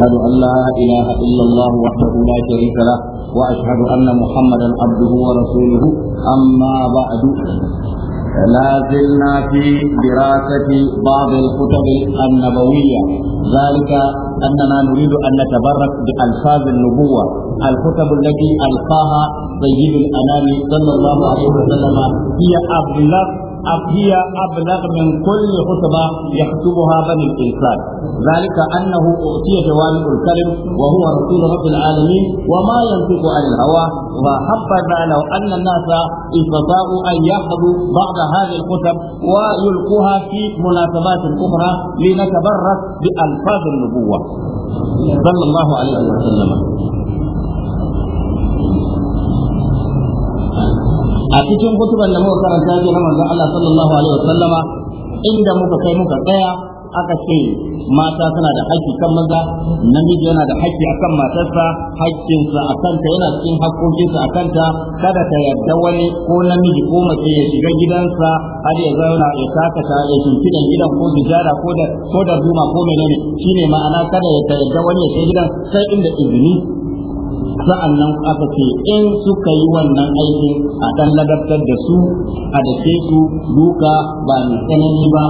أشهد أن لا إله إلا الله وحده لا شريك له وأشهد أن محمدا عبده ورسوله أما بعد لا زلنا في دراسة بعض الكتب النبوية ذلك أننا نريد أن نتبرك بألفاظ النبوة الكتب التي ألقاها سيد الأنام صلى الله عليه وسلم هي أبلغ هي أبلغ من كل خطبة يخطبها بني الإنسان ذلك أنه أعطي جوامع الكلم وهو رسول رب العالمين وما ينطق عن الهوى وحبذا لو أن الناس استطاعوا أن يأخذوا بعض هذه الخطب ويلقوها في مناسبات أخرى لنتبرك بألفاظ النبوة صلى الله عليه وسلم a cikin kutuban da muka karanta ji na manzon Allah sallallahu alaihi wasallama inda muka kai muka tsaya aka ce mata suna da haƙƙi kan maza namiji yana da haƙƙi akan matarsa haƙƙinsa a kanta yana cikin haƙƙoƙinsa a kanta kada ta yarda wani ko namiji ko mace ya shiga gidansa har ya zauna ya ta ya shimfiɗan gidan ko bijara ko da ko da ko menene shine ma'ana kada ya yarda wani ya shiga gidan sai inda izini sa'annan aka ce in suka yi wannan aikin a dan ladabtar da su a dake su duka ba mai tsanani ba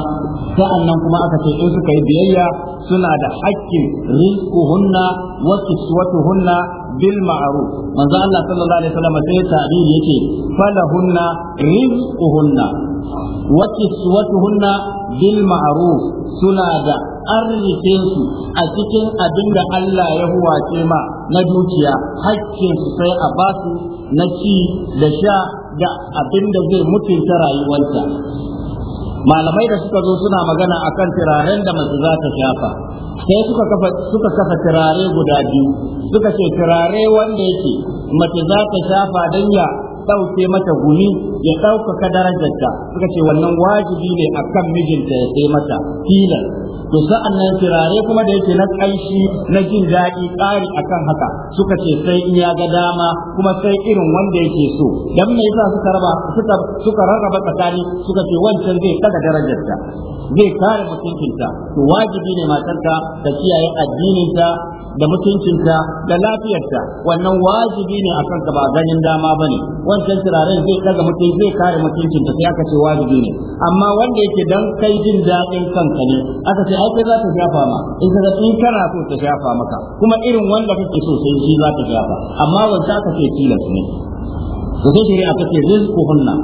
sa'annan kuma aka ce in suka yi biyayya suna da hakkin rizquhunna wa kiswatuhunna bil ma'ruf manzo Allah sallallahu alaihi wasallam sai tabiri yake falahunna rizquhunna wa kiswatuhunna bil ma'ruf suna da arzike su a cikin abin da Allah ya huwace ma na dukiya hakkin su sai a basu na ci da sha da abin da zai ta rayuwarta. malamai da suka zo suna magana akan turaren da mace za ta shafa sai suka kafa suka kafa turare guda biyu suka ce turare wanda yake mace za ta shafa don ya ɗauke mata gumi ya ɗaukaka darajarta suka ce wannan wajibi ne akan mijinta ya sai mata tilas to sa'an nan firare kuma da yake na ƙanshi na jin daɗi tsari akan haka suka ce sai in ya ga dama kuma sai irin wanda yake so don me yasa suka raba suka rarraba tsakani suka ce wancan zai daga darajarta zai kare mutuncinta to wajibi ne matarka ta kiyaye addininta da mutuncinta da lafiyarta wannan wajibi ne akan ka ba ganin dama bane wancan turaren zai daga mutunci zai kare mutuncin ta sai aka ce wajibi ne amma wanda yake dan kai jin daɗin kanka ne aka ce ai kai za ta shafa ma in ka in kana so ta shafa maka kuma irin wanda kake so sai shi za ta shafa amma wanda aka ce tilas ne to sai shari'a ta ce rizquhunna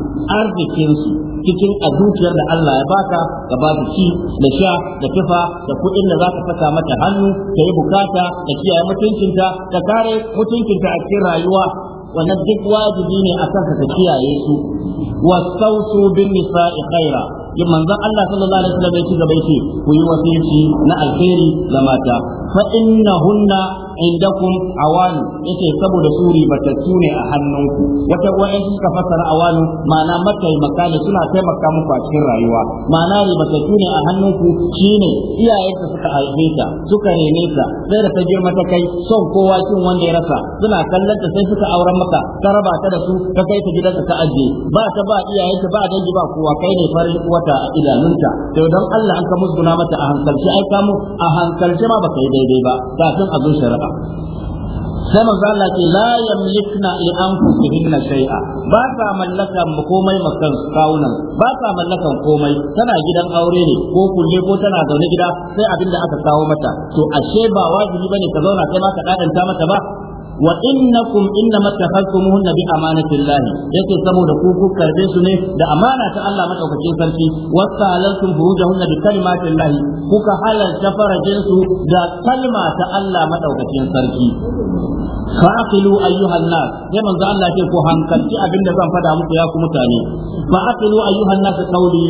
arzikin su cikin a zuciyar da Allah ya baka ka ba ci da sha da tufa da kuɗin da za ka saka mata hannu ka yi bukata da kiyaye mutuncinta ka kare mutuncinta a cikin rayuwa wannan duk wajibi ne kanka ka kiyaye su wasausu bin nisa'i khaira manzon Allah sallallahu alaihi wasallam ya ci gaba yace ku yi wasiyaci na alheri ga mata fa innahunna indakum awanu yake saboda su ribatattu ne a hannunku wata wa'in suka fassara awanu ma'ana mataimaka ne suna taimaka muku a cikin rayuwa ma'ana ribatattu ne a hannunku shine iyayenta suka haife suka rene ta sai da ta girma ta kai son kowa kin wanda ya rasa suna kallon ta sai suka auren maka ka raba ta da su ka kai ta gidanka ta aje ba ta ba iyayenta ba dangi ba kowa kai ne farin wata a idanunta to dan Allah an ka musguna mata a hankalce ai kamu a hankalce ma baka yi daidai ba kafin sun shari'a sai manzo Allah ke la yamlikna li anfusihinna shay'a ba sa mallaka komai makan kawunan ba sa mallakan komai tana gidan aure ne ko kulle ko tana zaune gida sai abin da aka kawo mata to ashe ba wajibi bane ka zauna kai ma ka dadanta mata ba wa innakum innama tafakkumuhunna bi amanatillahi yake saboda ku ku karbe su ne da amana ta Allah madaukakin sarki wasalantum furujahunna bi kalimatillahi kuka halalta farajin su da kalma ta Allah madaukakin sarki fa'qilu ayyuhan nas sai manzo Allah ce ku hankalci abinda zan fada muku ya ku mutane fa'qilu ayyuhan nas qawli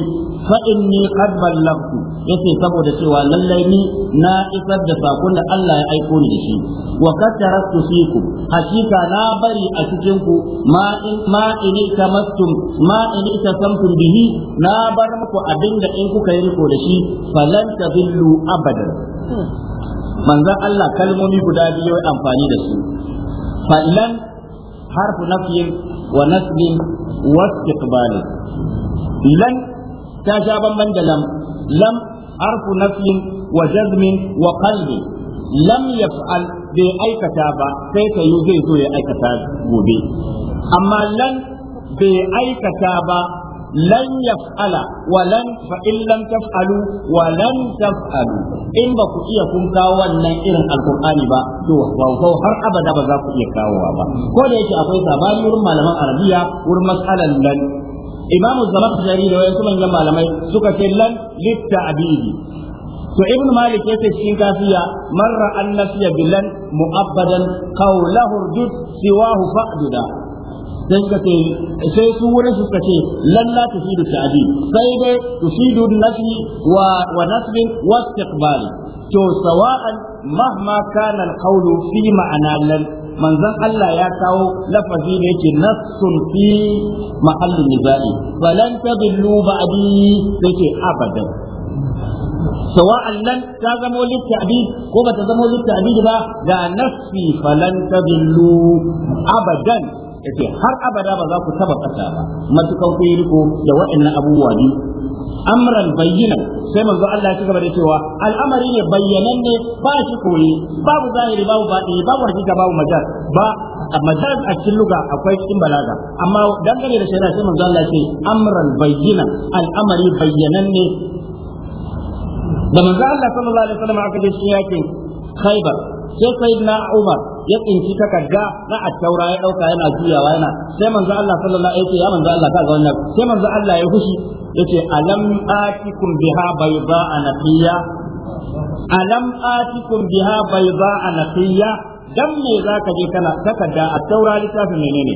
fa inni qad ballaghtu yace saboda cewa lallai ni na isar da sakon da Allah ya aiko ni da shi wa qad tarastu cikinku hakika na bari a cikinku ma in ma in ma in samtum bihi na bar muku abinda in kuka yi riko da shi falan tadillu abadan manzon Allah kalmomi guda biyu amfani da su falan harfu nafyin wa nasbin wa istiqbali lan ta sha bamban da lam lam harfu nafyin wa jazmin wa qalbin lam yaf'al bai aikata ba sai ta yi zai zo ya aikata gobe amma lan bai aikata ba lan yaf'ala wa lan fa in lam taf'alu wa lan taf'alu in ba ku iya kun kawo wannan irin alkur'ani ba to ko har abada ba za ku iya kawowa ba ko da yake akwai sabani wurin malaman arabiya wurin mas'alan lan imamu zamakshari da wayansu manyan malamai suka ce lan litta'bidi to ibn malik yace cikin kafiya marra an nasiya bilan mu'abbadan qawlahu urdud siwahu fa'duda sai suka ce sai su wurin su suka ce lalla tufidu ta'di sai dai tufidu nafi wa wa nasb wa istiqbal to sawa'an mahma kana alqawlu fi ma'ana lan manzon Allah ya kawo lafazi da yake nassun fi mahallin nizai falan tadillu ba'di sai ce abadan sawa'an nan ta zamo litta'bid ko bata zamo litta'bid ba ga nafsi falan tadillu abadan har abada ba za ku taba fata ba matukan ku riko da waɗannan abubuwa biyu amran bayyana sai manzo Allah ya gaba da cewa al'amari ne bayyanan ba shi koyi babu zahiri babu baɗi babu hakika babu majaz ba majaz a cikin luga akwai cikin balaga amma dangane da shari'a sai manzo Allah amran bayyana al'amari bayyanan da manzo Allah sallallahu alaihi wasallam aka je shi yakin Khaibar sai sayyidina Umar ya tsinci takarda na attaura ya dauka yana juyawa yana sai manzo Allah sallallahu alaihi wasallam ya manzo Allah kaga wannan sai manzo Allah ya hushi yace alam atikum biha bayda anaqiya alam atikum biha bayda anaqiya dan me zaka je kana takarda a taura littafin menene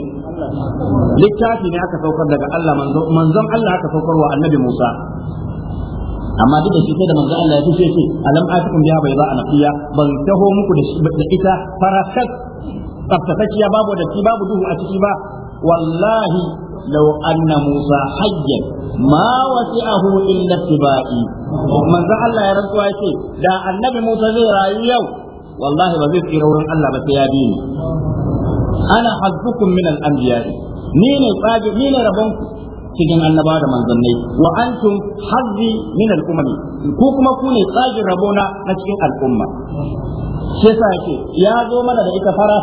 littafi ne aka saukar daga Allah manzon manzon Allah aka saukar wa annabi Musa amma duk da shi sai da manzo Allah ya ce ce alam atikum biha bayda anaqiya ban taho muku da ita farakat ya, babu da babu duhu a ciki ba wallahi لو أن موسى حيا ما ya إلا yace من ذا الله يا رسول الله ba النبي موسى زي يوم والله بزيد في رورن الله بس يا ديني أنا حظكم من الأنبياء مين الفاجئ مين ربكم cikin annabawa da manzannai wa antum hazzi min al-umami ku kuma ku ne tsagin rabona na cikin al'umma shi yasa yake ya zo mana da ita fara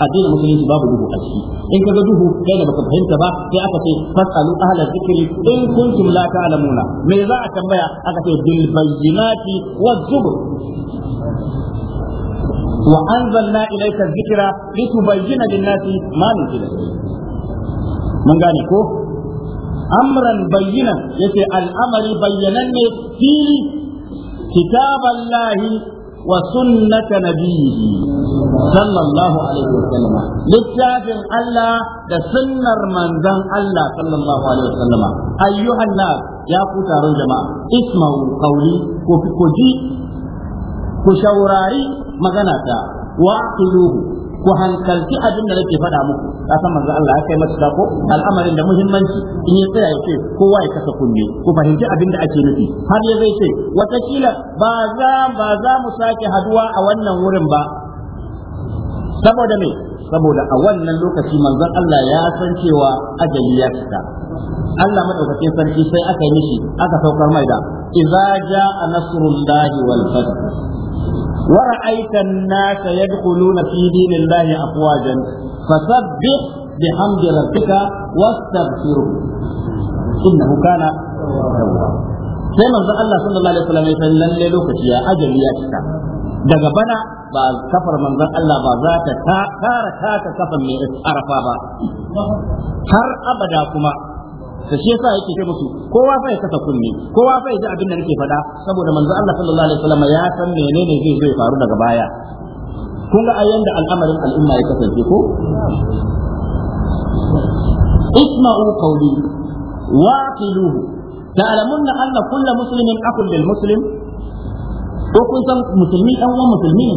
addinin musulunci babu duhu a ciki in ka ga duhu kai da baka fahimta ba sai aka ce fasalu ahla zikri in kuntum la ta'lamuna me za a tambaya aka ce bil bayyinati waz-zubur wa anzalna ilayka dhikra litubayyana lin-nasi ma nuzila mun gane ko amran bayyana yace al'amari ne fili kitaballahi wa sunnata nabiyhi sallallahu alaihi wasallam littafin Allah da sunnar manzon Allah sallallahu alaihi wasallam ayyuhan nas ya ku taron jama'a isma'u qawli ko ku ji ku shaurari magana ta wa'tiluhu ku hankalci abin da nake faɗa muku ka san manzo Allah ya kai matuƙa ko al'amarin da muhimmanci in ya tsaya ya ce kowa ya kasa kunne ku fahimci abin da ake nufi har ya zai ce watakila ba za ba za mu sake haduwa a wannan wurin ba saboda me saboda a wannan lokaci manzon Allah ya san cewa ajali ya fita. Allah madaukakin sarki sai aka yi mishi aka saukar mai da idza a nasrullahi wal fath ورأيت الناس يدخلون في دين الله أفواجا فسبح بحمد ربك واستغفره إنه كان توابا sai manzo Allah sallallahu alaihi wasallam ya san lalle lokaci ya ajali ya cika daga bana ba kafar manzon Allah ba za ta kara ta kafan mai arafa ba har abada kuma to shi yasa yake ce musu kowa sai ya kasa kunni kowa fa ya ji abin da nake faɗa saboda manzo Allah sallallahu alaihi wasallam ya san menene zai zo ya faru daga baya kun ga ayyan da al'amarin al'umma ya kasance ko isma'u qawli waqiluhu ta'lamun anna kullu muslimin aqul lil muslim ko kun san musulmi dan uwan musulmi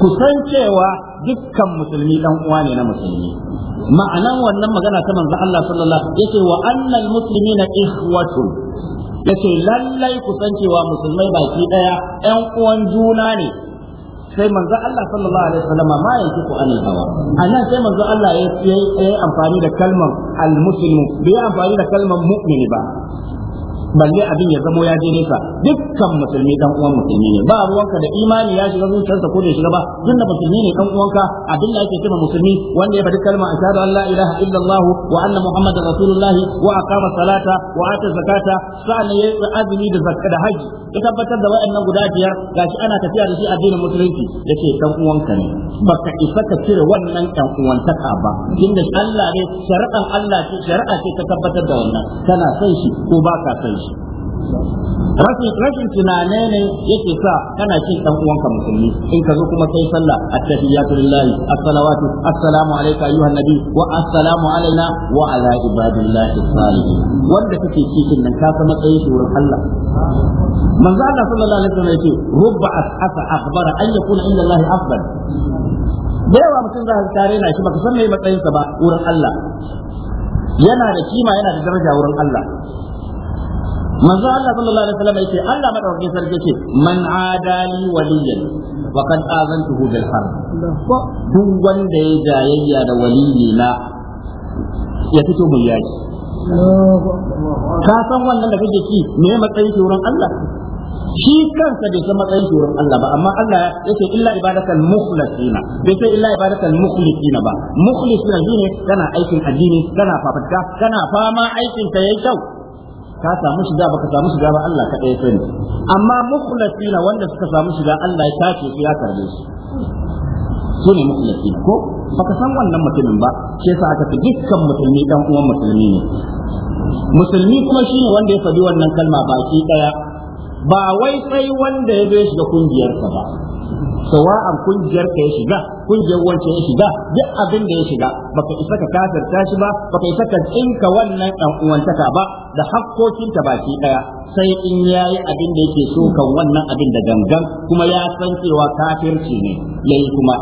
ku san cewa dukkan musulmi dan uwa ne na musulmi ma'anan wannan magana ta manzo Allah sallallahu alaihi yace wa annal muslimina ikhwatun yace lallai kusancewa musulmai baki daya ƴan uwan juna ne sai manzo Allah sallallahu alaihi wasallam ma yake ko anil hawa anan sai manzo Allah ya yi amfani da kalmar al-muslimu bai amfani da kalmar mu'mini ba balle abin ya zamo ya je nesa dukkan musulmi dan uwan musulmi ne ba ruwanka da imani ya shiga zuciyarsa ko da shiga ba tunda musulmi ne dan uwanka abin da ake cewa musulmi wanda ya faɗi kalma ashhadu an la ilaha wa anna muhammadar rasulullahi wa aqama salata wa ata zakata sa'an ya azumi da zakka da haji ya tabbatar da wayannan guda biyar gashi ana tafiya da shi addinin musulunci yace dan uwanka ne baka isa ka cire wannan dan uwantaka ba tunda Allah ne shari'an Allah ce shari'a ce ta tabbatar da wannan kana son shi ko baka son shi rashin rashin tunane ne yake sa kana cin dan uwanka musulmi in ka zo kuma kai sallah at-tahiyatu lillahi as-salawatu assalamu alayka ayyuhan nabi wa assalamu alayna wa ala ibadillahi salihin wanda kake cikin nan ka san matsayin shi wurin Allah manzo Allah sallallahu alaihi wasallam yace rubba as'asa akhbara an yakuna inda Allah afdal da yawa mutum za ka tare na shi baka san me matsayinsa ba wurin Allah yana da kima yana da daraja wurin Allah manzo Allah sallallahu alaihi wasallam yace Allah madaukakin sarki yace man adali waliyan wa qad azantuhu bil harb duk wanda ya jayayya da waliyi na ya fito mai yaki ka san wannan da kake ci me matsayin shi Allah shi kansa bai san matsayin shurin Allah ba amma Allah ya ce illa ibadatan mukhlasina bai ce illa ibadatan mukhlisina ba mukhlisina shine kana aikin addini kana fafutuka kana fama aikin ta yayi kyau ka samu shiga baka samu shiga ba Allah kaɗai ya sani amma mukhlasina wanda suka samu shiga Allah ya tace su ya karbe su su ne mukhlasina ko baka san wannan mutumin ba shi yasa aka ce dukkan musulmi dan uwan musulmi ne musulmi kuma ne wanda ya faɗi wannan kalma baki daya ba wai sai wanda ya zo shiga kungiyarsa ba Sawa an kungiyar ka ya shiga kungiyar wancan ya shiga duk abin da ya shiga baka isa ka kafirta shi ba baka isa ka tsinka wannan dan uwantaka ba da hakkokin ta baki daya sai in yayi abin da yake so kan wannan abin da gangan kuma ya san cewa kafirci ne yayi kuma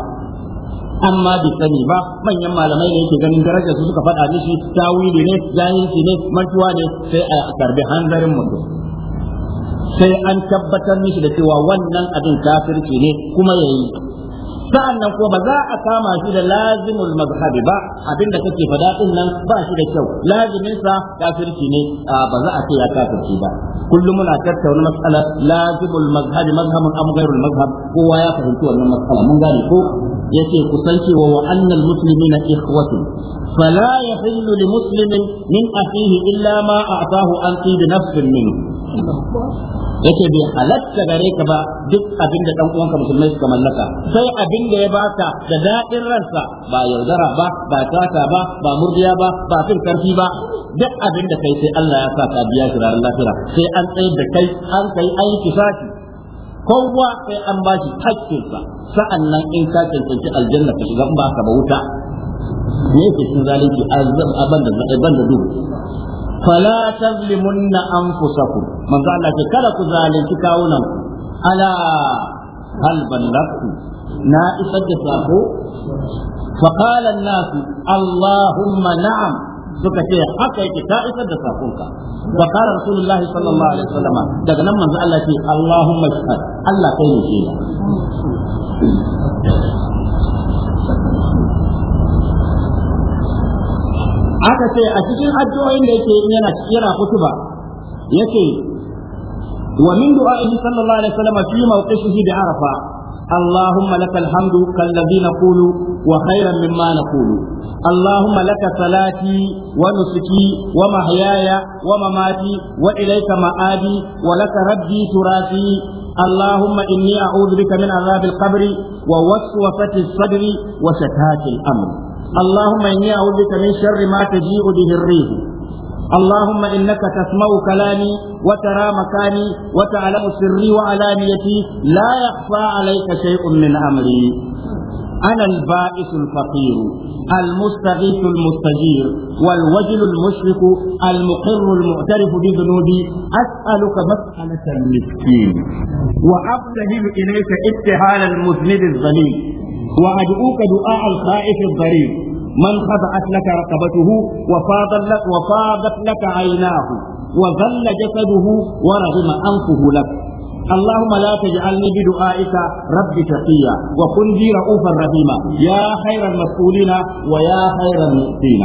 amma bai sani ba manyan malamai ne yake ganin darajar su suka faɗa mishi tawili ne jahilci ne mantuwa ne sai a karbi hanzarin mutum sai an tabbatar mishi da cewa wannan abin kafirci ne kuma ya yi. sa'annan ko ba za a kama shi da lazimul mazhabi ba abinda kake fada din nan ba shi da kyau lazimin sa kafirci ne ba za a ce ya kafirci ba kullum muna tattauna mas'ala lazimul mazhabi mazhabun am ghairul mazhab kowa ya fahimci wannan matsala mun gane ko yace kusanci wa wa annal muslimina ikhwatun fala yahillu li muslimin min akhihi illa ma a'tahu an qid nafsin minhu yake bai halatta gare ka ba duk abin da dan uwanka musulmai suka mallaka sai abin da ya baka da daɗin ransa ba yaudara ba ba tata ba ba murdiya ba ba fin karfi ba duk abin da kai sai Allah ya sa ka biya shi ranar sai an tsaye da kai an kai aiki saki kisaki kowa sai an ba shi hakkinsa sa'annan in ka cancanci aljanna ka shiga ba ka ba wuta ne ke zalunci a ban da duhu Falatar tazlimunna anfusakum manzo Allah ce kada ku zalunci kawunan ala hal ballagtu na isar da sako fa suka ce haka yake ta isar da sakonka fa qala rasulullah sallallahu alaihi wasallam daga nan manzo Allah ce allahumma shahad Allah kai ne aka ce a cikin addu'o'in da yake yana yana kutuba yake wa min du'a'ihi sallallahu alaihi wasallam fi mawqifihi bi arafa اللهم لك الحمد كالذي نقول وخيرا مما نقول اللهم لك صلاتي ونسكي ومحياي ومماتي وإليك مآبي ولك ربي تراثي اللهم إني أعوذ بك من عذاب القبر ووسوسة الصدر وشتات الأمر اللهم إني أعوذ بك من شر ما تجيء به الريح اللهم إنك تسمع كلامي وترى مكاني وتعلم سري وعلانيتي لا يخفى عليك شيء من أمري أنا البائس الفقير المستغيث المستجير والوجل المشرك المقر المعترف بذنوبي أسألك مسألة المسكين وأبتهل إليك ابتهال المذنب الظليم وأدعوك دعاء الخائف الضرير من خضعت لك رقبته وفاضت لك, وفاضت لك عيناه وظل جسده ورغم أنفه لك اللهم لا تجعلني بدعائك رب تقيا وكن لي رؤوفا رحيما يا خير المسؤولين ويا خير المؤتين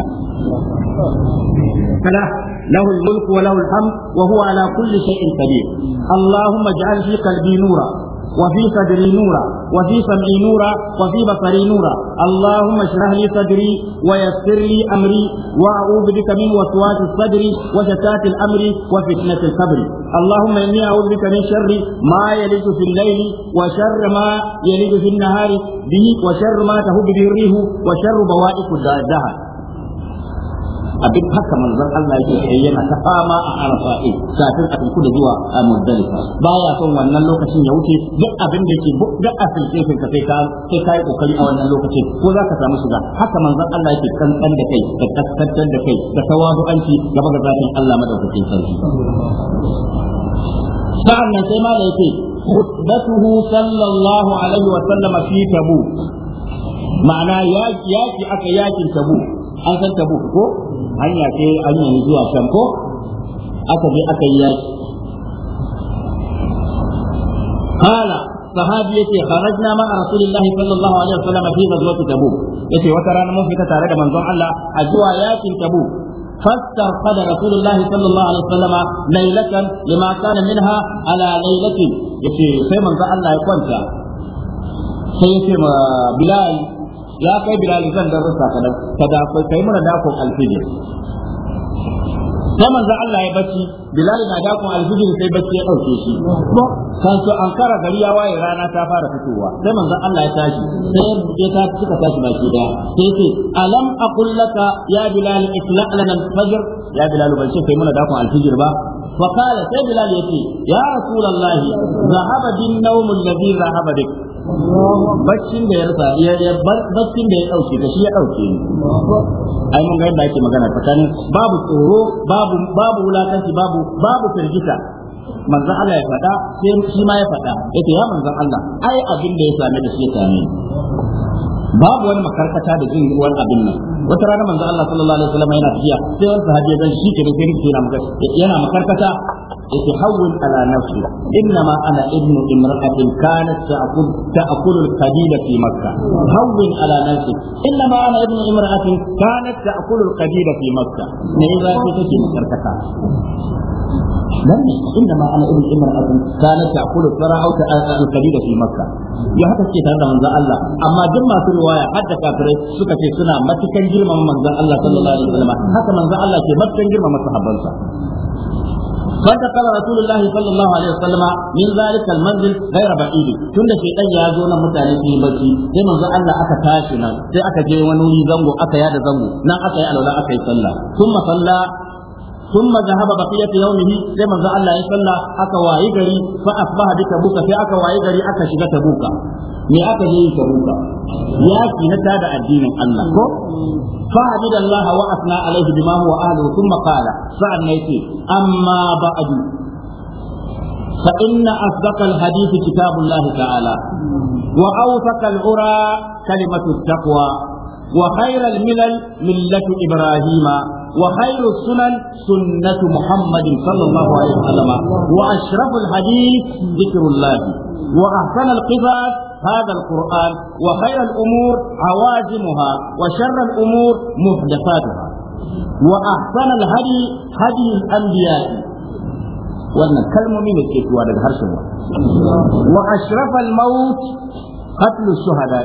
فلا له الملك وله الحمد وهو على كل شيء قدير اللهم اجعل في قلبي نورا وفي صدري نورا وفي سمعي نورا وفي بصري نورا اللهم اشرح لي صدري ويسر لي امري واعوذ بك من وسواس الصدر وشتات الامر وفتنه الصبر اللهم اني اعوذ بك من شر ما يلج في الليل وشر ما يلج في النهار به وشر ما تهب به الريح وشر بوائق الدهر a duk haka manzon Allah yake sai yana ta fama a arafa'i kafin a tafi da zuwa a muzdalifa baya son wannan lokacin ya wuce duk abin da yake duk a filfin ka sai ka sai kai kokari a wannan lokacin ko za ka samu shiga haka manzon Allah yake kankan da kai da kaskantar da kai da tawadu'anci gaba ga zatin Allah madaukakin sarki sa'an nan sai ma da yake خطبته صلى الله عليه وسلم في تبوك ma'ana yaki aka yakin tabu an san tabu ko hanya ce hanya zuwa can ko aka je aka yi yaki قال sahabi yace kharajna ma rasulillah sallallahu alaihi wasallam fi ghazwati tabuk yace wata rana mun fita tare da manzon Allah a zuwa yakin tabuk فاسترقد رسول الله صلى الله عليه وسلم ليلة لما كان منها على ليلة يتي سيما الله يكونت سيما بلال ya kai bilal zan dan rasa ka nan ka da kai mana dakon alfijir sai manzo Allah ya bacci bilal na dakon alfijir sai bacci ya dauke shi kan su ankara gari ya waye rana ta fara fitowa sai manzo Allah ya tashi sai ya ta suka tashi baki da sai ce alam aqul laka ya bilal itla lana al-fajr ya bilal ban ce kai mana dakon alfijir ba فقال سيد بلال يتي يا رسول الله ذهب بالنوم الذي ذهب بك baccin da ya rasa ya ya baccin da ya dauke ka shi ya dauke ni ai mun ga yadda ake magana tsakanin babu tsoro babu babu wulakanci babu babu firgita manzon Allah ya faɗa sai shi ma ya faɗa yace ya manzon Allah ai abin da ya same da shi ya same babu wani makarkata da jin ruwan abin nan wata rana manzo Allah sallallahu alaihi wasallam yana tafiya sai wani sahabi ya gan shi ke da kirki yana maka yana makarkata yake hawwin ala nafsi inna ma ana ibnu imra'atin kanat ta'kul ta'kul al-qabila fi makkah hawwin ala nafsi inna ma ana ibnu imra'atin kanat ta'kul al-qabila fi makkah ne ba ki take makarkata dan ne inda ma ana ibn imra'atun kana ta'kulu sara'uta al-kabida fi makka ya haka suke tare da manzon Allah amma duk masu riwaya har da kafirai suka suna matukan girmama manzon Allah sallallahu alaihi wasallam haka manzon Allah ke matukan girmama sahabbansa فانتقل رسول الله صلى الله عليه وسلم من ذلك المنزل غير بعيد tunda shedan ya zo nan mutane sun yi bacci sai manzo Allah aka tashi nan sai aka je wani wuri zango aka yada zango nan aka yi aka yi sallah thumma salla ثم ذهب بقية يومه لما ذا الله يصلى أكا وايغري فأصبح بتبوك في أكا وايغري أكا شغا تبوك me aka yi تبوك yaki na tada addinin Allah ko فحمد الله وأثنى عليه بما هو أهله ثم قال فعن أما بعد فإن أصدق الحديث كتاب الله تعالى وأوثق العرى كلمة التقوى وخير الملل ملة إبراهيم وخير السنن سنة محمد صلى الله عليه وسلم وأشرف الحديث ذكر الله وأحسن القصص هذا القرآن وخير الأمور عوازمها وشر الأمور محدثاتها وأحسن الهدي هدي الأنبياء wannan kalmomi ne ke kuwa daga harshen wa ashrafal maut qatlu shuhada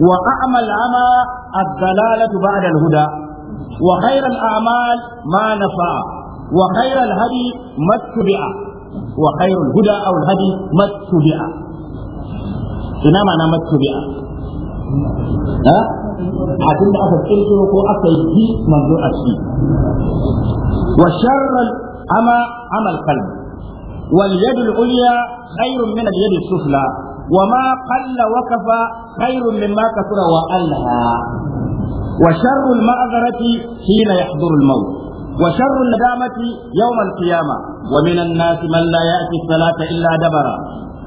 wa a'mal ama ad-dalalatu ba'da al-huda وخير الأعمال ما نفع وخير الهدي ما اتبع وخير الهدى أو الهدي ما اتبع ina ma na matubi'a ha abin da aka kirkiro ko aka yi manzo a shi wa sharral ama amal kalbi wal yad al ulya khairun min al yad sufla wa ma qalla wa kafa wa وشر المعذرة حين يحضر الموت وشر الندامة يوم القيامة ومن الناس من لا يأتي الصلاة إلا دبرا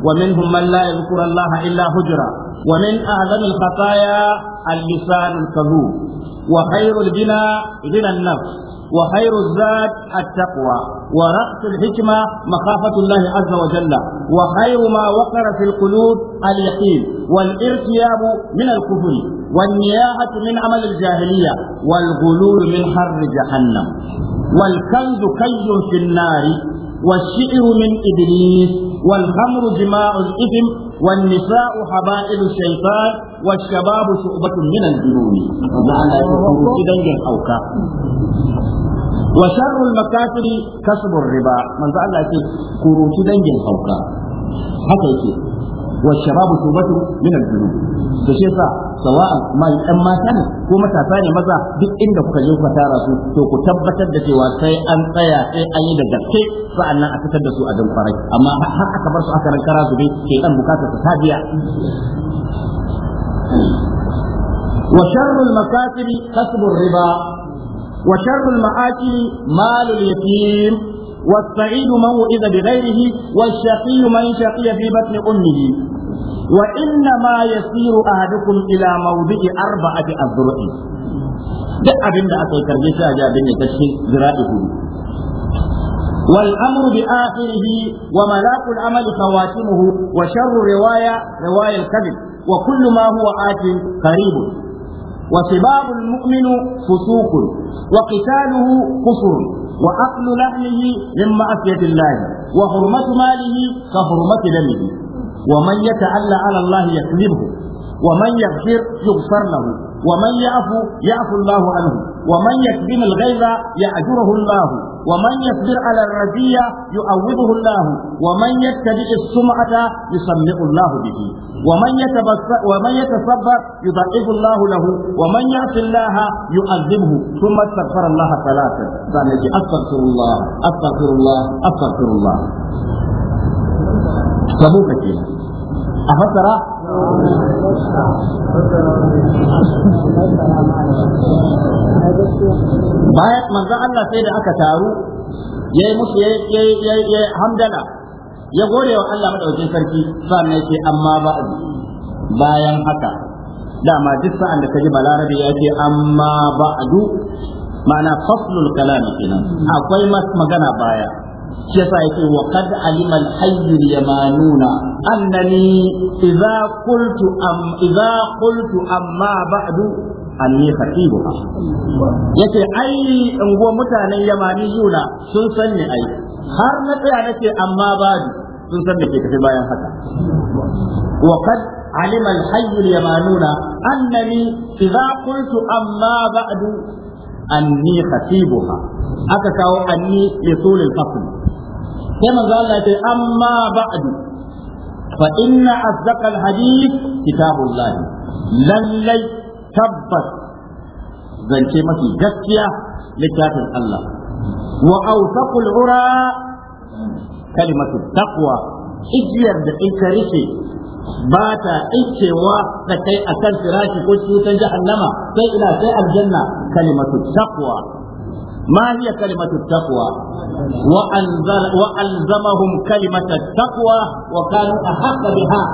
ومنهم من لا يذكر الله إلا هجرا ومن أعظم الخطايا اللسان الكذوب وخير البناء بنا النفس وخير الزاد التقوى ورأس الحكمة مخافة الله عز وجل وخير ما وقر في القلوب اليقين والارتياب من الكفر والنياحة من عمل الجاهلية والغلول من حر جهنم والكنز كنز في النار والشعر من إبليس والخمر جماع الإثم والنساء حبائل الشيطان والشباب شعبة من الجنون وشر المكاسب كسب الربا من ذا الله يقول كروت دنجل أوكا haka yake wa shababu tubatu min al-dhunub to shi yasa sawa'an ma dan mata ne ko matasa ne maza duk inda kuka je kuka tara su to ku tabbatar da cewa sai an tsaya sai an yi da gaske sa'annan a fitar da su a damfarai amma har aka bar su aka rankara su dai ke dan bukatar su tabiya وشر المكاسب كسب الربا وشر المآكل مال اليتيم والسعيد من وئذ بغيره والشقي من شقي في بطن أمه wa inna ma yasiru ahadukum ila mawdi'i arba'ati azru'i duk abin da aka yi karbe shi a jabin ya tashi zira'i hudu والأمر بآخره وملاك العمل خواتمه وشر رواية رواية الكذب وكل ما هو آت قريب وسباب المؤمن فسوق وقتاله كفر وأكل لحمه من معصية الله وحرمة ماله كحرمة دمه ومن يتعلى على الله يكذبه ومن يغفر يغفر له ومن يعفو يعفو الله عنه ومن يكظم الغيظ يأجره الله ومن يصبر على الرزية يؤوضه الله ومن يتبع السمعة يسمع الله به ومن ومن يتصبر يضعف الله له ومن يعص الله يعذبه ثم استغفر الله ثلاثا ذلك استغفر الله استغفر الله استغفر الله, أستغفر الله. saboda na. a fassara bayan manzon Allah sai da aka taru ya yi musu ya hamdala ya gode wa Allah madaukin sarki sannan na ce amma ba bayan haka dama duk sa'an da kaji balarabe ya ce amma du, ma'ana faslul kalami kenan akwai magana baya yasa yake wa qad alima al-hayy yamanuna annani idza qultu am idza qultu amma ba'du anni khatibuha yace ai unguwa mutanen yamani yuna sun san ni ai har na tsaya nace amma ba'du sun san me ke tafi bayan haka wa qad alima al-hayy yamanuna annani idza qultu amma ba'du anni khatibuha aka kawo anni li sulil fasl sai manzo Allah ya ce amma ba'du fa inna asdaqa al hadith kitabullah lallai tabbas zance mafi gaskiya littafin Allah wa awsaqul ura kalimatu taqwa igiyar da ita rike ba ta icewa da kai akan firashi ko cutan jahannama sai ina sai aljanna kalimatu taqwa ma hiya kalimatu taqwa wa anzal wa alzamahum kalimatu taqwa wa kanu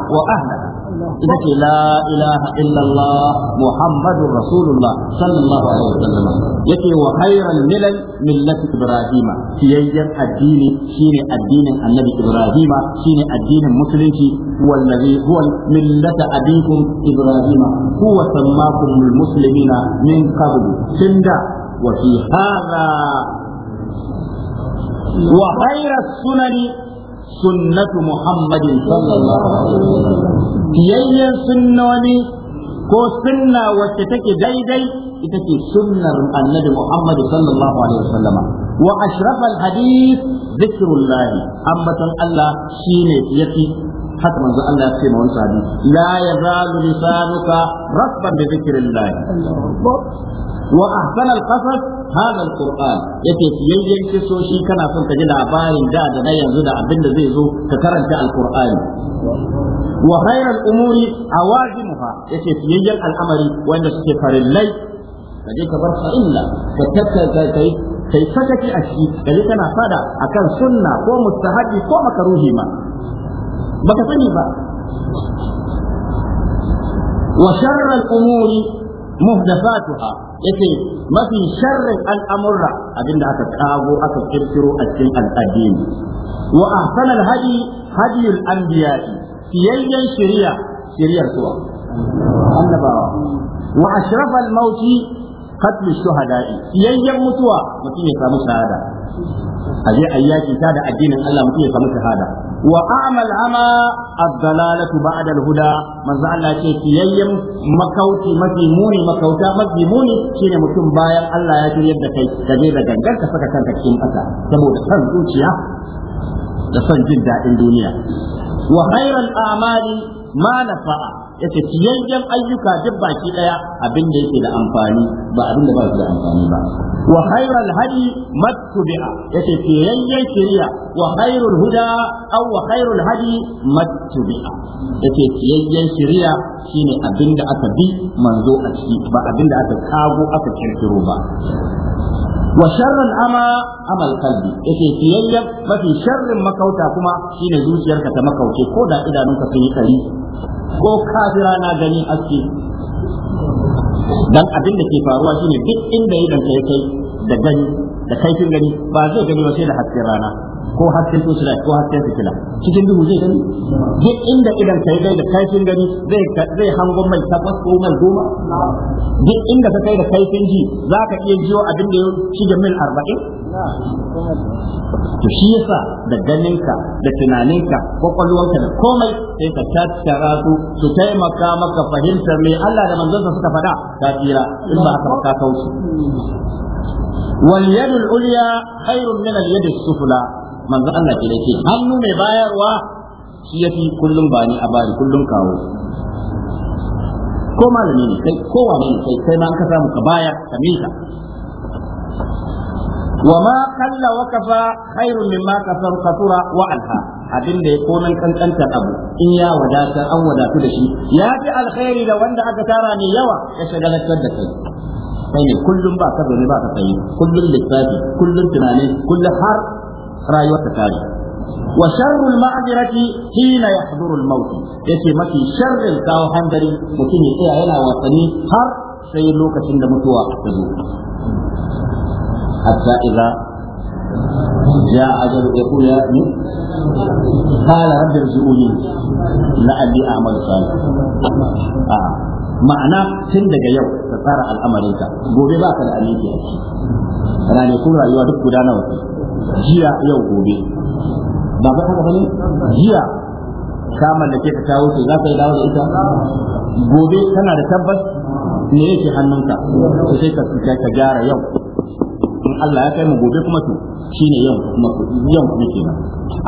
wa ita ce la ilaha illallah muhammadur rasulullah sallallahu alaihi wasallam yake wa khairal milal millati ibrahima fiyayyan addini shine addinin annabi ibrahima shine addinin musulunci wallazi huwa millata abikum ibrahima huwa sammakum muslimina min qabl tunda wa fi hadha وخير السنن sunnatu muhammadin sallallahu alaihi wasallam fiyayyen sunnoni ko sunna wacce take daidai ita ce sunnar annabi muhammad sallallahu alaihi wasallama wa ashrafal hadith zikrullah ambatan allah shine yafi haka manzo Allah ya ce ma wancan hadisi la yazalu lisanuka rasban bi zikrillah وأحسن القصص هذا القرآن يتي سيين كسوشي كان أصلا تجد عبار دا دا دا ينزد عبد زيزو ككرن دا القرآن وخير الأمور عوازمها يتي سيين الأمر وإن سكفر الليل kaje ka bar farilla ka tattaka kai kai sakaki a ciki kaje kana fada akan sunna ko mustahabi ko makaruhi ma baka sani ba wa sharral umuri muhdasatuha yake mafi sharrin al'amurra abinda aka kago aka kirkiro a cikin al'adini. wa ahsan al-hadi hadi al-anbiya fiyayyan shari'a shari'ar suwa annabawa wa ashraf al-maut mutuwa mutum ya samu shahada aje ayyaki addinin Allah mutum ya samu shahada wa amal ama ad-dalalatu ba'da al-huda manzo Allah ce siyayyen makauti mafi muni makauta mafi shine mutum bayan Allah ya shiryar da ka je da gangan ka saka kanka cikin ƙasa saboda san zuciya da son jin daɗin duniya wa amari amali ma nafa'a yace tiyayyen ayyuka duk baki daya abin da yake da amfani ba abin da ba su da amfani ba wa khairul hadi mattubi'a yace tiyayyen shari'a wa khairul huda aw wa khairul hadi mattubi'a yace tiyayyen shari'a shine abin da aka bi manzo a ciki ba abin da aka kago aka kirkiro ba wa sharral ama amal kalbi yake kiyayya mafi sharrin makauta kuma shine zuciyarka ta makauce ko da idanunka sun yi kari ko kafi rana ganin aski dan abin da ke faruwa shine duk inda idan kai kai da gani da kaifin gani ba zai gani ba sai da hasken rana ko hasken tusila ko hasken fitila cikin duhu zai gani duk inda idan kai dai da kaifin gani zai zai hango mai takwas ko mai goma duk inda ka kai da kaifin ji za ka iya jiyo abin da ya da mil arba'in to shi yasa da ganinka da tunaninka kwakwalwarka da komai sai ka tattara su su taimaka maka fahimtar mai Allah da manzonsa suka faɗa ta tsira in ba haka ka kauce wal yadul ulya khairun min al yadis sufla manzo Allah ke da ke hannu mai bayarwa shi yafi kullum bani a bani kullum kawo ko malami ne kai ko wani ne kai sai ma an ka samu ka baya ka mika wa ma qalla wa kafa khairun mimma kasar kasura wa alha abin da ya konan kankanta abu in ya wadatar an wadatu da shi ya fi alkhairi da wanda aka tara mai yawa ya shagalatar da kai kai ne kullum ba ka zaune ba ka tsaye kullum lissafi kullum tunani kullum har rayuwarsa tare wa sharrul ma'dirati hina yahduru al-maut yace mafi sharrin kawo hanzari mutum ya tsaya yana wasanni har sai lokacin da mutuwa ta zo hatta idza جاء أجل يقول يا ابني قال رب ارجعوني لعلي أعمل صالحا آه. ma'ana tun daga yau ka tsara al'amarinka gobe ba ka da aminci a ciki ranakun rayuwa duk guda nawa jiya yau gobe ba ba haka bane jiya ka ke ka kawo ce za ka yi dawo da ita gobe kana da tabbas ne yake hannunka sai ka tsaya ka gyara yau in Allah ya kai mu gobe kuma to shine yau kuma yau kuma kenan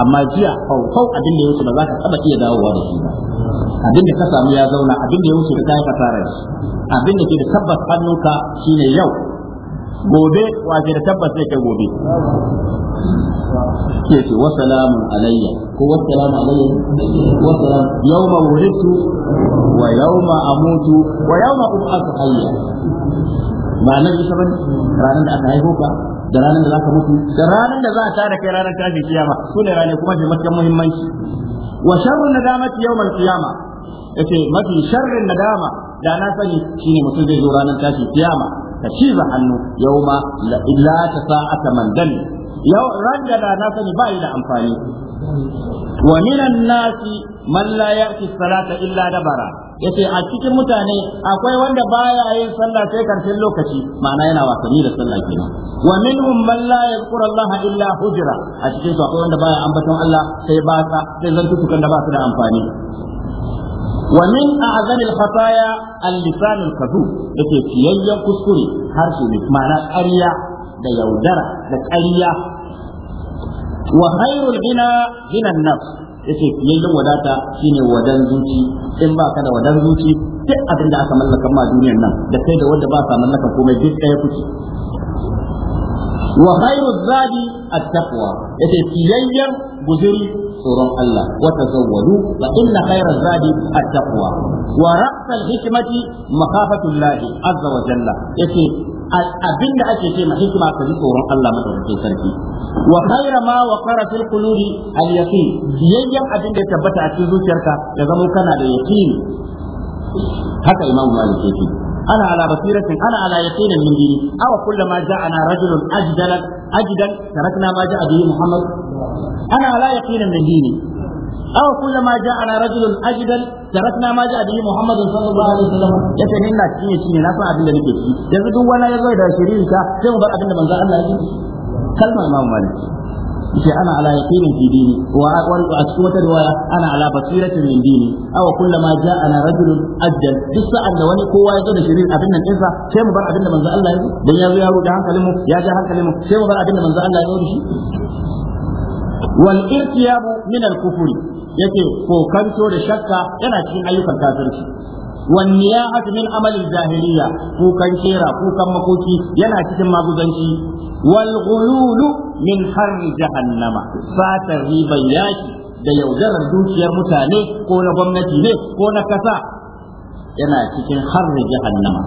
amma jiya fau fau abin da ya wuce ba za ka taba iya dawowa da shi ba abin da ka samu ya zauna abin da ya wuce ka tsara shi abin da ke da tabbas hannunka shine yau gobe wace da tabbas zai kai gobe ke ce wa salamu alayya ko wa salamu alayya wa salam yawma wulidtu wa yawma amutu wa yawma ub'athu hayya ba nan isa bane ranar da aka haifo ka da ranar da zaka mutu da ranar da za a tara kai ranar tashin kiyama su ne ranar kuma mafi muhimmanci wa sharrun nadamati yawmal qiyama yace mafi sharrin nadama da na sani shine mutum zai zo ranar tashin kiyama ka ciza hannu yauma la ta sa'ata man dan yau raddada na sani ba da amfani wa minan nasi man la ya'ti salata illa dabara yace a cikin mutane akwai wanda baya yin sallah sai karshen lokaci ma'ana yana wasanni da sallah kenan wa minhum man la yadhkuru Allah illa hujra a cikin su akwai wanda baya ambaton Allah sai ba sai zantukan da ba su da amfani ومن أعظم الخطايا اللسان الكذوب yake ciyayyen kuskure harshe ne ma'ana ƙarya da yaudara da ƙarya wa khairul gina gina nafs yake ciyayyen wadata shine wadan zuci in ba ka da wadan zuci duk aka mallaka ma duniyar nan da kai da wanda ba sa mallaka komai duk ɗaya kuke wa khairul zadi yake ciyayyen guzuri tsoron Allah wa tazawwadu fa inna khayra zadi at-taqwa wa ra'sal hikmati makafatullahi azza wa jalla yace abin da ake ce ma hikima ka ji tsoron Allah madaukakin sarki wa khayra ma wa qara fil qulubi al yaqin yayyan abin da ya tabbata a cikin zuciyarka ya zama kana da yaqini haka imamu malik yake ana ala basiratin ana ala yaqinin min dini aw kullama ja'ana rajulun ajdalan ajdan tarakna ma ja'a bihi muhammad ana ala yaqinin min dini aw kullama ja'ana rajulun ajdan tarakna ma ja'a bihi muhammad sallallahu alaihi wasallam yace ni na cinye cinye na san abin da nake ci yanzu duk wani ya zo da shirin ta sai mu bar abin da manzo Allah ya ce ana ala yaqinin fi dini wa a cikin wata riwaya ana ala basiratin min dini aw kullama ana rajulun ajjal duk sa'an da wani kowa ya zo da shirin abin nan dinsa sai mu bar abin da manzo Allah ya zo dan ya zo ya ruɗa hankalin mu ya ja hankalin mu sai mu bar abin da manzo Allah ya yi da shi wal irtiyabu min al kufuri yake kokanto da shakka yana cikin ayyukan kafirci والنياحة من عمل الجاهلية kukan شيرا kukan makoki, ينا cikin magudanci والغلول من حر جهنم فاتر ريبا yaki da yaudarar dukiyar mutane ko na gwamnati ne ko na kasa yana cikin harri nama.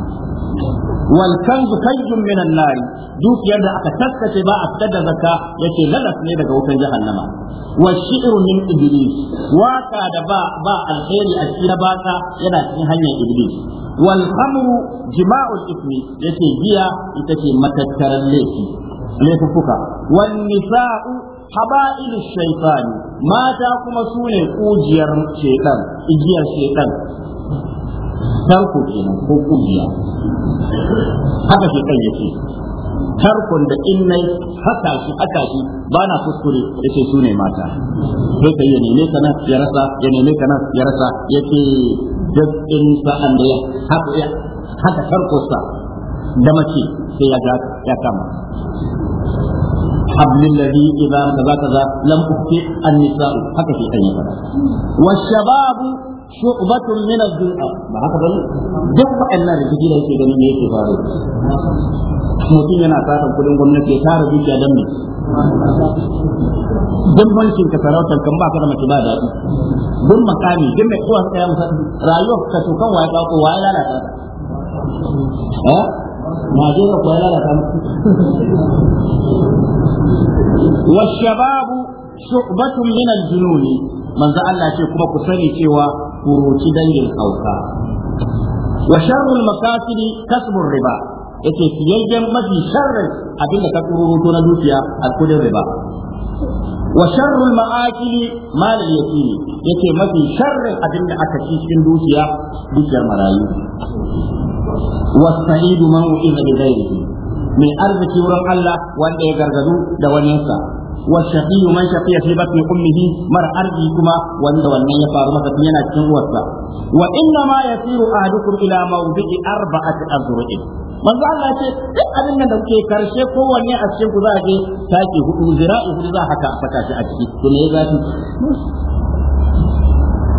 wal kanzu kayyun minan nari dukiyar da aka taskace ba a fitar da zaka, yace lalas daga wutan jahannama wal shi'ru min iblis waka da ba ba alheri a cikin basa yana cikin hanyar iblis wal khamru jima'ul ismi yace giya ita ce matattaran laifi laifuffuka wan nisa'u haba'il shaytan mata kuma sune kujiyar shedan igiyar shedan tarko kenan ko kungiya haka ke kai yake tarkon da in nai haka shi haka shi ba na kuskure yace su ne mata sai kai ya neme ka nan ya rasa ya neme ka nan ya rasa ya duk in sa'an da ya haka ya haka tarko sa da mace sai ya ga ya kama حبل الذي إذا كذا كذا لم أخطئ النساء هكذا أن يفعل والشباب shu'batun min az-du'a ba haka bane duk wa'annan rikici da yake ganin me yake faru mutum yana tsara kudin gwamnati ya tara dukiya dan me bankin ka sarautar kan ba da mace ba daɗi duk makami duk mai kowa sai ya musa rayuwar ka to kan waya kawo lalata ha eh? ya lalata wa shababu shu'batun Allah ce kuma ku sani cewa kuruci dangin hauka wa sharrul makasiri kasbur riba yake siyayyen mafi sharrin abinda ka kururuto na dukiya a kudin riba wa sharrul ma'akili malal yatimi yake mafi sharrin abinda aka ci cikin dukiya dukiyar marayu wa sa'idu man u'iza bi ghairihi mai arziki wurin Allah wanda ya gargadu da wani waninsa والشقي من شقي في بطن أمه مر أرضي كما وند والنية فارمة تنينا تنوسا وإنما يسير أهلكم إلى موضع أربعة أزرع manzo Allah ce duk abin da ke karshe kowanne a cikin ku za a je taki hudu zira'i hudu za haka a saka shi a ciki to me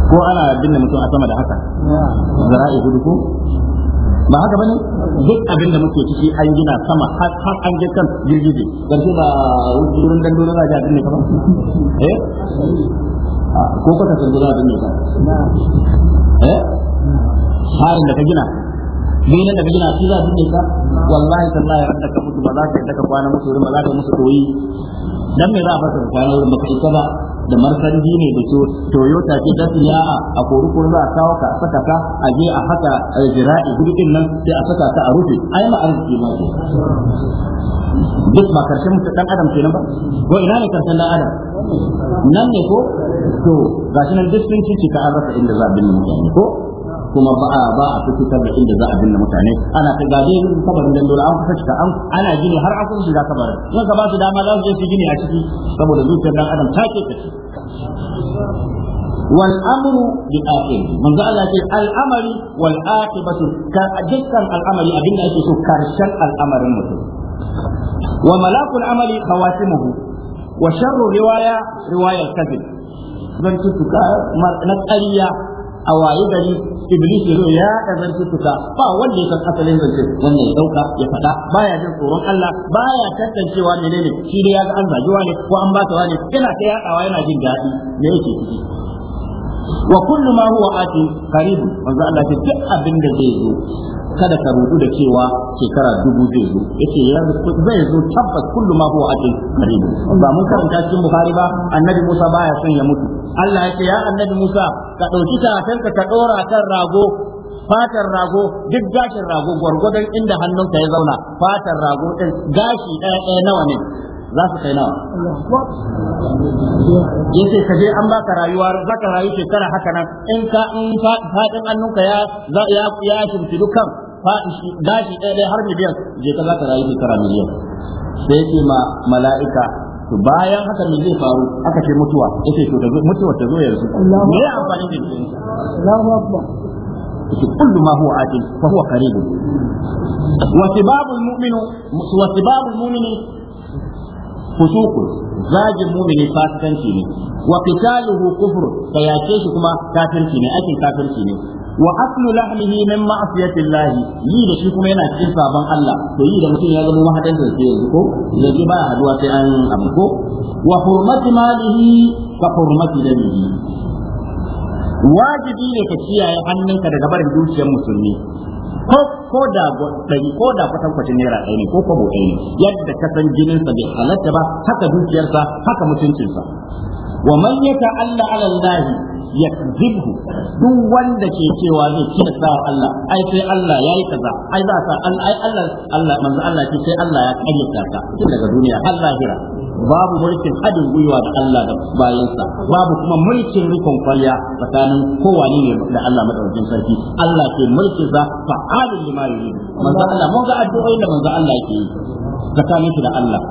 ko ana binne mutum a sama da haka zira'i hudu ko ba haka bane duk abin da muke ciki an gina sama har an je kan girgije garshe ba wurin dan dole za a ji ne kaman eh ko ka san dole abin ne ka eh harin da ka gina bayanan da ka gina shi za su ne ka wallahi tallahi ran da ka mutu ba za ka yadda ka kwana musu wurin ba za ka musu koyi dan me za a fasa kwana wurin ba ka isa ba da markan ne da toyota ke da siya a kori ko za a kawo ka saka ka a je a haka jira'i gurbin nan sai a saka ka a rufe ai ma arziki ma ce duk ba karshen mutum dan adam ke nan ba ko ina ne karshen dan adam nan ne ko to gashi nan duk sun ci ka an inda za a binne mutane ko kuma ba a ba a fitar da inda za a binne mutane ana ta gaje kabarin dan dole an fita an ana gini har an kuma shiga kabarin don ka ba su dama za su je su gini a ciki saboda zuciyar dan adam take ta wal amru bi aqil manzo Allah ce al amri wal aqibatu ka dukkan al amri abinda ake so karshen al amarin mutum wa malakul amali khawatimuhu wa sharru riwaya riwaya al-kadhib zan ci tuka na tsariya a waye gari iblis ya ya da zance tuka ba wanda ya san asalin zance wannan ya dauka ya fada baya jin tsoron Allah baya tantancewa menene shi ne ya ga an wa ne ko an ba ta ne. yana ta yadawa yana jin daɗi me yake ciki wa kullu ma huwa ati qarib manzo Allah ce duk abin da zai zo kada ka rudu da cewa shekara dubu zai zo yace zai zo tabbas kullu ma huwa ati qarib ba mun karanta cikin bukhari ba annabi Musa baya son ya mutu Allah yace ya annabi Musa ka dauki tafanka ka dora kan rago fatar rago duk gashin rago gwargwadon inda hannunka ya zauna fatar rago din gashi ɗaya ɗaya nawa ne za su kai nawa Ya ce ka je an ba ka rayuwa za ka rayu shekara haka nan in ka in fadin annunka ya ya ya shimfi dukan fa'ishi dashi ɗaya ɗaya har miliyan je ka za ka rayu shekara miliyan sai ce ma mala'ika to bayan haka me zai faru aka ce mutuwa yace to mutuwa ta zo yanzu me ya amfani da shi Allahu akbar كل ما هو عاجل wa قريب وسباب المؤمن وسباب المؤمن فسوق زاج المؤمن فاسقا كيني وقتاله كفر فياكيش كما كافر كيني أكي كافر كيني وأكل لحمه من معصية الله yi da shi kuma yana cikin sabon Allah to yi da mutum ya zama mahadin da zai yanzu ko zai an abu wa hurmati malihi ka hurmati wajibi ne ka kiyaye hannunka daga barin dukiyar musulmi ko ko da ɗari ko da kwatankwacin naira ɗaya ne ko kwabo ɗaya ne yadda ka san jininsa bai halatta ba haka dukiyarsa haka mutuncinsa wa man yata'alla 'ala Allah zibhu duk wanda ke cewa zai tilasta wa Allah ai sai Allah ya yi kaza ai za sa Allah ai Allah Allah manzo Allah ce sai Allah ya kayyata ka tun daga duniya har lahira babu mulkin adin gwiwa da Allah da bayansa babu kuma mulkin rikon kwalya tsakanin kowane ne da Allah madaukakin sarki Allah ke mulkin sa fa'alul lima yuridu manzo Allah mun ga addu'o'in da manzo Allah ke yi tsakanin shi da Allah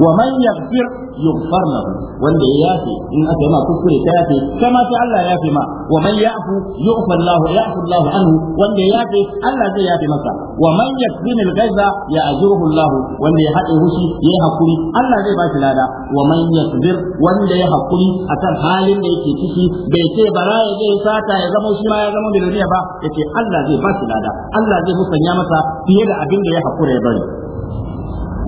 wa man yaghfir yughfar lahu wanda ya yafe in aka yi ma ta yafe kama sai Allah ya yafe ma wa man ya'fu yughfar lahu ya'fu Allah anhu wanda ya yafe Allah zai yafe masa wa man yakzin al-ghaiza ya'zuruhu Allah wanda ya haɗe hushi yayi hakuri Allah zai ba shi lada wa man yasbir wanda ya hakuri kan halin da yake ciki bai ce bara ya je sata ya zama shi ma ya zama da biloniya ba yace Allah zai ba shi lada Allah zai musanya masa fiye da abin da ya hakura ya bari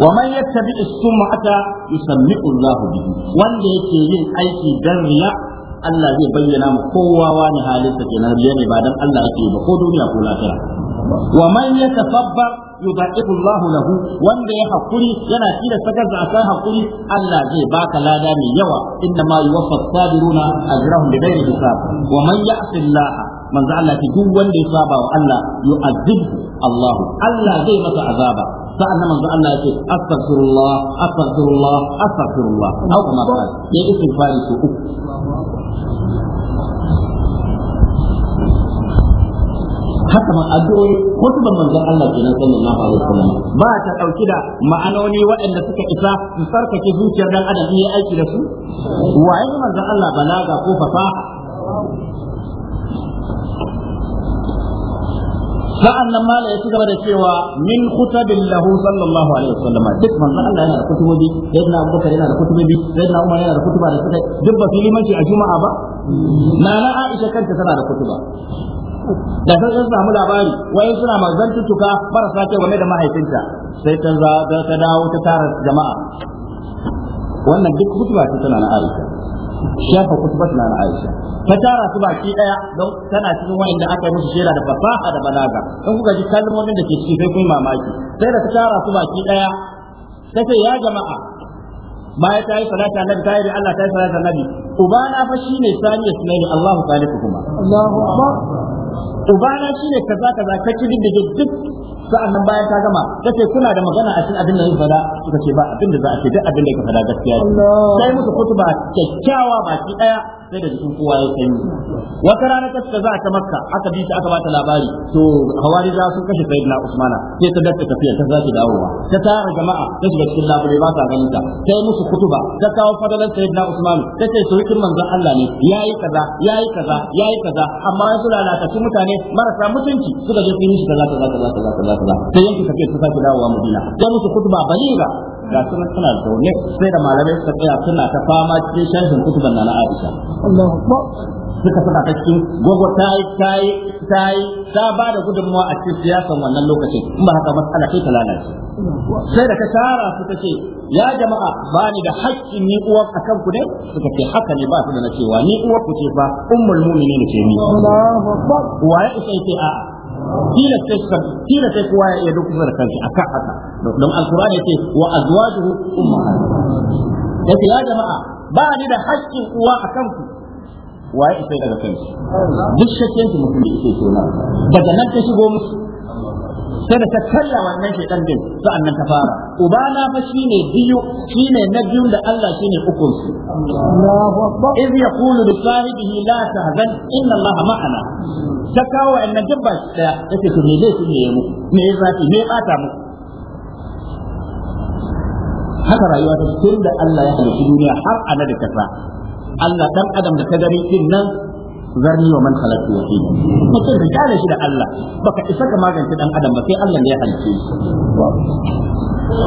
wa man yattabi as-sum'ata yusammi'u Allah bihi wanda yake yin aiki dan riya Allah zai bayyana mu kowa wani halinsa kenan riya ne ba dan Allah yake ba ko duniya ko lafiya wa man yatasabbar yudha'ifu Allah lahu wanda ya hakuri yana kira sakar da akan hakuri Allah zai baka lada mai yawa inna ma yuwaffa as-sabiruna da bighairi hisab wa man ya'si manzo Allah ce duk wanda ya saba wa Allah yu'azzibhu Allah Allah zai masa azaba sa'annan manzo Allah ya ce astaghfirullah astaghfirullah astaghfirullah au kuma ba ya istighfari ko uku haka ma addu'o'i kutuban manzon Allah kenan sallallahu alaihi wasallam ba ta dauki da ma'anoni waɗanda suka isa su sarkake zuciyar dan adam in yi aiki da su waye manzon Allah balaga ko fasaha sa'an nan mala ya ci gaba da cewa min khutabil lahu sallallahu alaihi wasallam duk manzo Allah yana da kutubi kutubobi sayyidina Abubakar yana da kutubobi na Umar yana da kutuba da suka duk ba su yi limanci a juma'a ba nana Aisha kanta tana da kutuba da sai sun samu labari wai suna magzantuttuka marasa kyau game da mahaifinta sai ta za ta dawo ta tara jama'a wannan duk kutuba ce tana na Aisha shafa kusbat na Aisha ta tara su baki daya don tana cikin wanda aka yi musu shera da fasaha da balaga don kuka ji kalmomin da ke ciki sai kun mamaki sai da ta tara su baki daya ta ce ya jama'a baya ta yi salata annabi ta yi Allah ta yi salata nabi ubana fa shine saniyas nabi Allahu khaliquhuma Allahu akbar ubana shi shine kaza kaza ka ci duk duk sa'annan bayan ta gama kace kuna da magana a cikin abin da zai fada suka ce ba abin da za a ce duk abin da ka fada gaskiya sai musu kutuba kyakkyawa baki ɗaya. sai da jikin kowa ya sanyi wata rana ta suka za ta makka aka bi ta aka bata labari to hawari za su kashe na usmana sai ta datta tafiya ta zaki dawowa ta tara jama'a ta shiga cikin labari ba ta ganin ta sai musu kutuba ta kawo fadalan na usman ta ce surukin manzon Allah ne yayi kaza yayi kaza yayi kaza amma su lalataci mutane marasa mutunci suka je su yi shi kaza kaza kaza kaza kaza sai yanki tafiya ta sake dawowa madina ta musu kutuba baliga ga sunan suna zaune sai da malamai suka tsaya suna ta fama cikin sharhin kutuban na Aisha Allahu Akbar suka saka ta cikin gogo ta yi ta yi ta ba da gudunmawa a cikin siyasan wannan lokacin in ba haka matsala sai ta lalace sai da ta tara su ta ce ya jama'a ba ni da haƙƙin ni uwar a kanku ne suka ce haka ne ba su da na cewa ni uwar ku ce fa ummul mu'minin ce ni wa ya isa ce a'a kila sai kila sai kowa ya yadda kusa da kanshi akan haka don alkur'ani yace wa azwajuhu ummahatuhum yace ya jama'a ba ni da haƙƙin uwa akan ku waye sai daga kanshi duk shakkin mutum da yake so na daga nan ta shigo musu sai da ta kalla wannan shaitan din nan ta fara ubana fa shine biyu shine na biyun da Allah shine ukun su Allahu akbar iz yaqulu li sahibihi la tahzan inna Allah ma'ana ta kawo annan dabba shi daya to me zai shine mu me zafi me bata mu haka rayuwa ta tun da Allah ya halitta duniya har a da kasa Allah dan adam da ta gani din nan zarni wa man khalaqtu wakila mutum da kyale shi da Allah baka isa ka magance dan adam ba sai Allah ne ya halice shi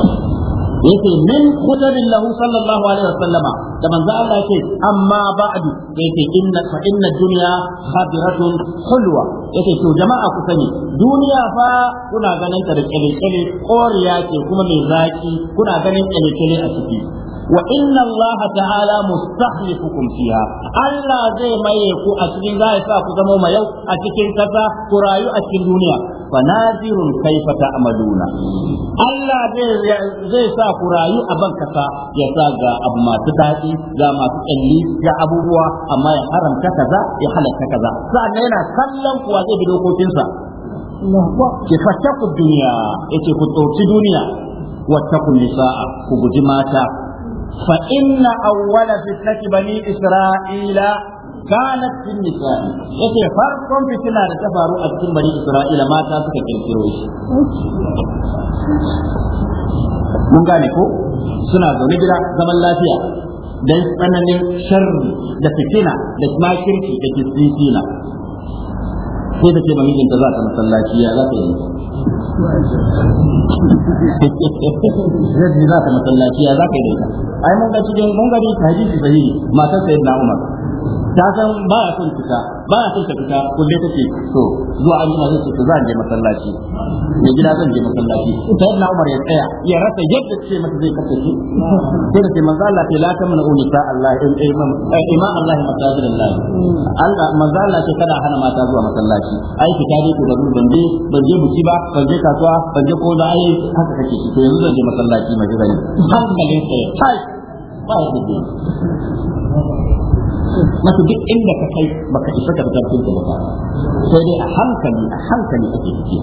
yake min khutarin lahu sallallahu alaihi wasallama da manzo Allah yake amma ba'du yake inna fa inna dunya khadiratun hulwa yake to jama'a ku sani duniya fa kuna ganin ta da kele kele koriya ce kuma mai zaki kuna ganin kele kele a ciki wa inna Allah ta'ala mustahlifukum fiha Allah zai maye ku a cikin zai sa ku zama mai yau a cikin kasa ku rayu a cikin duniya fa nazirun kaifa Allah zai sa ku rayu a ban kasa ya sa ga abu masu daɗi ga masu kalli ga abubuwa amma ya haramta kaza ya halatta kaza sa'annan yana kallon kuwa zai bi dokokinsa ki ku duniya yace ku tsoci duniya wata kulli sa'a ku guji mata فإن أول فتنة بني إسرائيل كانت في النساء da فرق فتنة تفارو أكتم بني إسرائيل ما تاسك كنتروش mun gane ko suna zaune gida zaman lafiya don tsananin sharri da fitina da makirci da kisisina sai da ce mamijinta za ta masallaci ya za ta yi zai za ka masallaci ya za ka yi da ita ai mun ga cikin mun ga ta hadisi sahihi matar sayyidina Umar ta san ba ya son fita ba ya son ta fita kullum take to zuwa an jima zai ce zan je masallaci ne gida zan je masallaci na Umar ya tsaya ya rasa yadda ce mata zai kace shi sai da ce manzo Allah ta la ta mana unisa Allah eh, eh, eh, imam Allah masajidillah Allah manzo Allah ce kada hana mata zuwa masallaci ai fita dai to da ban je ban je buki ba ban je je kasuwa ban je ko da ai haka kake to yanzu zan je masallaci mai gani hankalin sai ba ya da masu duk inda ka kai baka isa ka fitar cikin ba sai dai a hankali a hankali ake ciki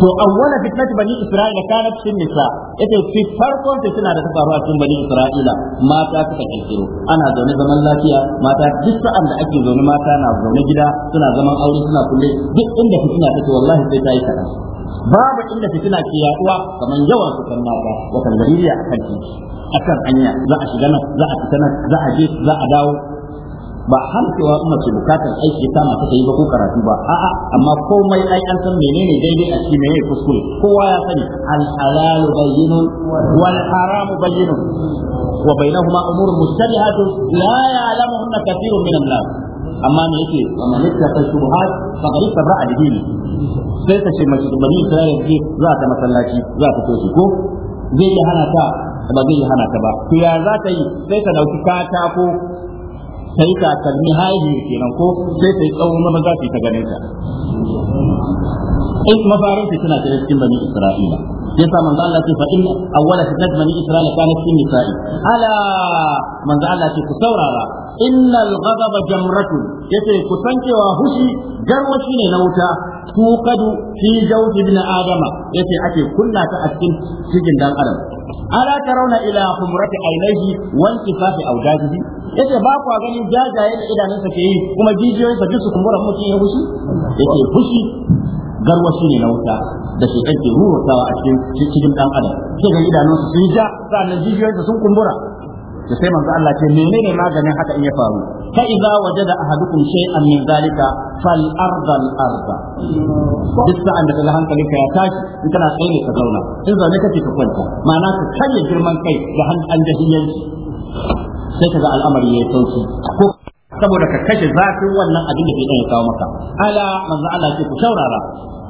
to awwala fitnat bani isra'ila kanat fi nisa yace fi farkon fitina da ta faru a cikin bani isra'ila mata suka kirkiro ana zaune zaman lafiya mata duk sa'an da ake zaune mata na zaune gida suna zaman aure suna kulle duk inda fitina take wallahi sai ta yi kaɗan babu inda fitina ke yaduwa kamar yawan su kan mata wata a akan titi akan hanya za a shiga nan za a fita nan za a je za a dawo ba hamsewa in mace bukatar aiki ta mata ta yi ba ko karatu ba a'a amma komai ai an san menene daidai a cikin menene kuskure kowa ya sani al halal bayyinun wal haram bayyinun wa bainahuma umurun mushtabihatun la ya'lamuhunna kathirun min an-nas amma me yake wa man ittaqa shubuhat faqad istabra ad-dini sai ka ce mace bani Isra'ila ke za ta masallaci za ta toshi ko zai yi hana ta ba zai yi hana ta ba to ya za ta yi sai ta dauki katako ta yi takalmi haihu kenan ko sai ta yi tsawon maza ta ganin ta in mafarin fitina ta cikin bani Isra'ila sai sa manzo Allah ce fa in awwala fitnat bani Isra'ila kana cikin nisa'i ala manzo Allah ce ku saurara innal ghadaba jamratun yace ku san cewa hushi garwashi ne na wuta توقد في جوف ابن آدم يتي أكي كنا تأسكن سجن دان أدم ألا ترون إلى خمرة عينيه وانتفاف أوجاجه yace ba kwa ganin jajayen da idanunsa ke yi kuma jijiyoyinsa duk su kumbura mutum ya fushi na wuta da shi kake hurutawa a cikin cikin dan adam sai ga idanunsa sun ja sannan jijiyoyinsa sun kumbura to sai manzo Allah ce menene maganin haka in ya faru fa idza wajada ahadukum shay'an min zalika fal arda al arda duk sa'an kaga hankali ka ya tashi in kana tsaye ka zauna in zaune kake ka kwanta ma'ana ka kalle girman kai da hankan jahiyanci sai kaga al'amari ya sauki saboda ka kashe zafin wannan abin da ke ya kawo maka ala manzo Allah ce ku shaurara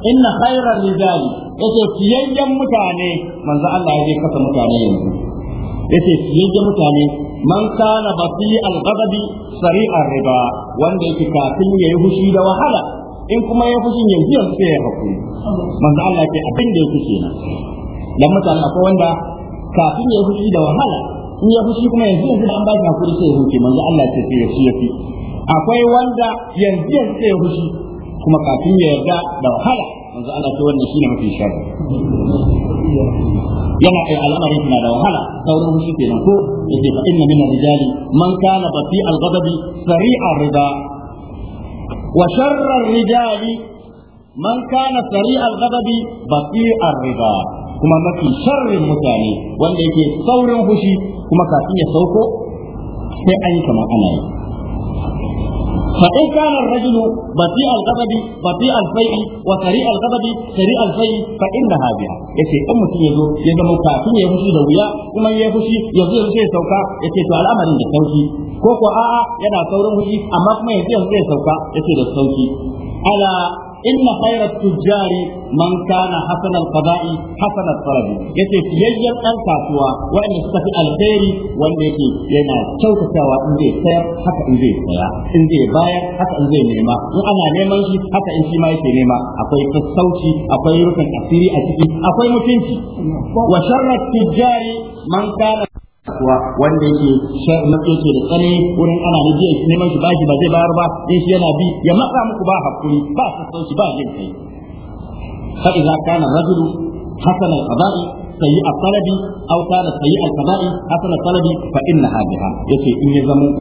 inna khairar rijali yace fiyayyen mutane manzo Allah ya je kasa mutane yanzu yace yayye mutane man kana bati al-ghadabi sari'ar riba wanda yake kafin yayi fushi da wahala in kuma ya fushin yanzu yanzu sai ya hakuri manzo Allah ke abin da yake kenan dan mutane akwai wanda kafin ya fushi da wahala in ya fushi kuma yanzu yanzu an ba shi hakuri sai ya huce manzo Allah ce sai ya fi. yafi akwai wanda yanzu yanzu sai ya fushi kuma kafin ya yarda da wahala manzo Allah ce wannan shine mafi shari yana ai al'amari na da wahala sauran shi kenan ko yace fa inna min ar-rijali man kana basi al-ghadab sari'a ar-rida wa sharra ar-rijali man kana sari'a al-ghadab bafi ar-rida kuma mafi sharrin mutane wanda yake saurin fushi kuma kafin ya sauko sai an yi kamar ana yi فإن كان الرجل بطيء الغضب بطيء الفيء وسريع الغضب سريع الفيء فإنها بها yace in mutum yazo ya zama kafin ya fushi da wuya kuma ya fushi yanzu yanzu sai sauka yace ta al'amarin da sauki koko a'a yana saurin fushi amma kuma yanzu yanzu sai sauka yace da sauki ala inna khairat tujari man kana hasan al-qada'i hasan al-farabi yace fiyayyan ɗan kasuwa wanda suka fi alheri wanda yake yana kyautatawa in zai sayar haka in zai saya in zai bayar haka in zai nema in ana neman shi haka in shi ma yake nema akwai sassauci akwai rufin asiri a ciki akwai mutunci wa sharrat tujari man kana kuwa wanda yake yake da tsane wurin ana ne jiya neman shi bashi ba zai bayar ba in shi yana bi ya matsa muku ba hakuri ba shi ba jin kai fa idza kana rajulu hasana al-qada'i sayyi al-talabi aw kana sayyi al-qada'i hasana al-talabi fa inna hadhiha yace in ya zama